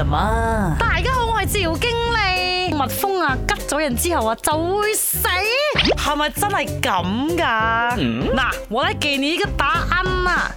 什麼，大家好，我係趙經理。蜜蜂啊，蜇咗人之後啊，就會死，是不咪是真係咁㗎？嗱、嗯，我來給你一個答案啦、啊。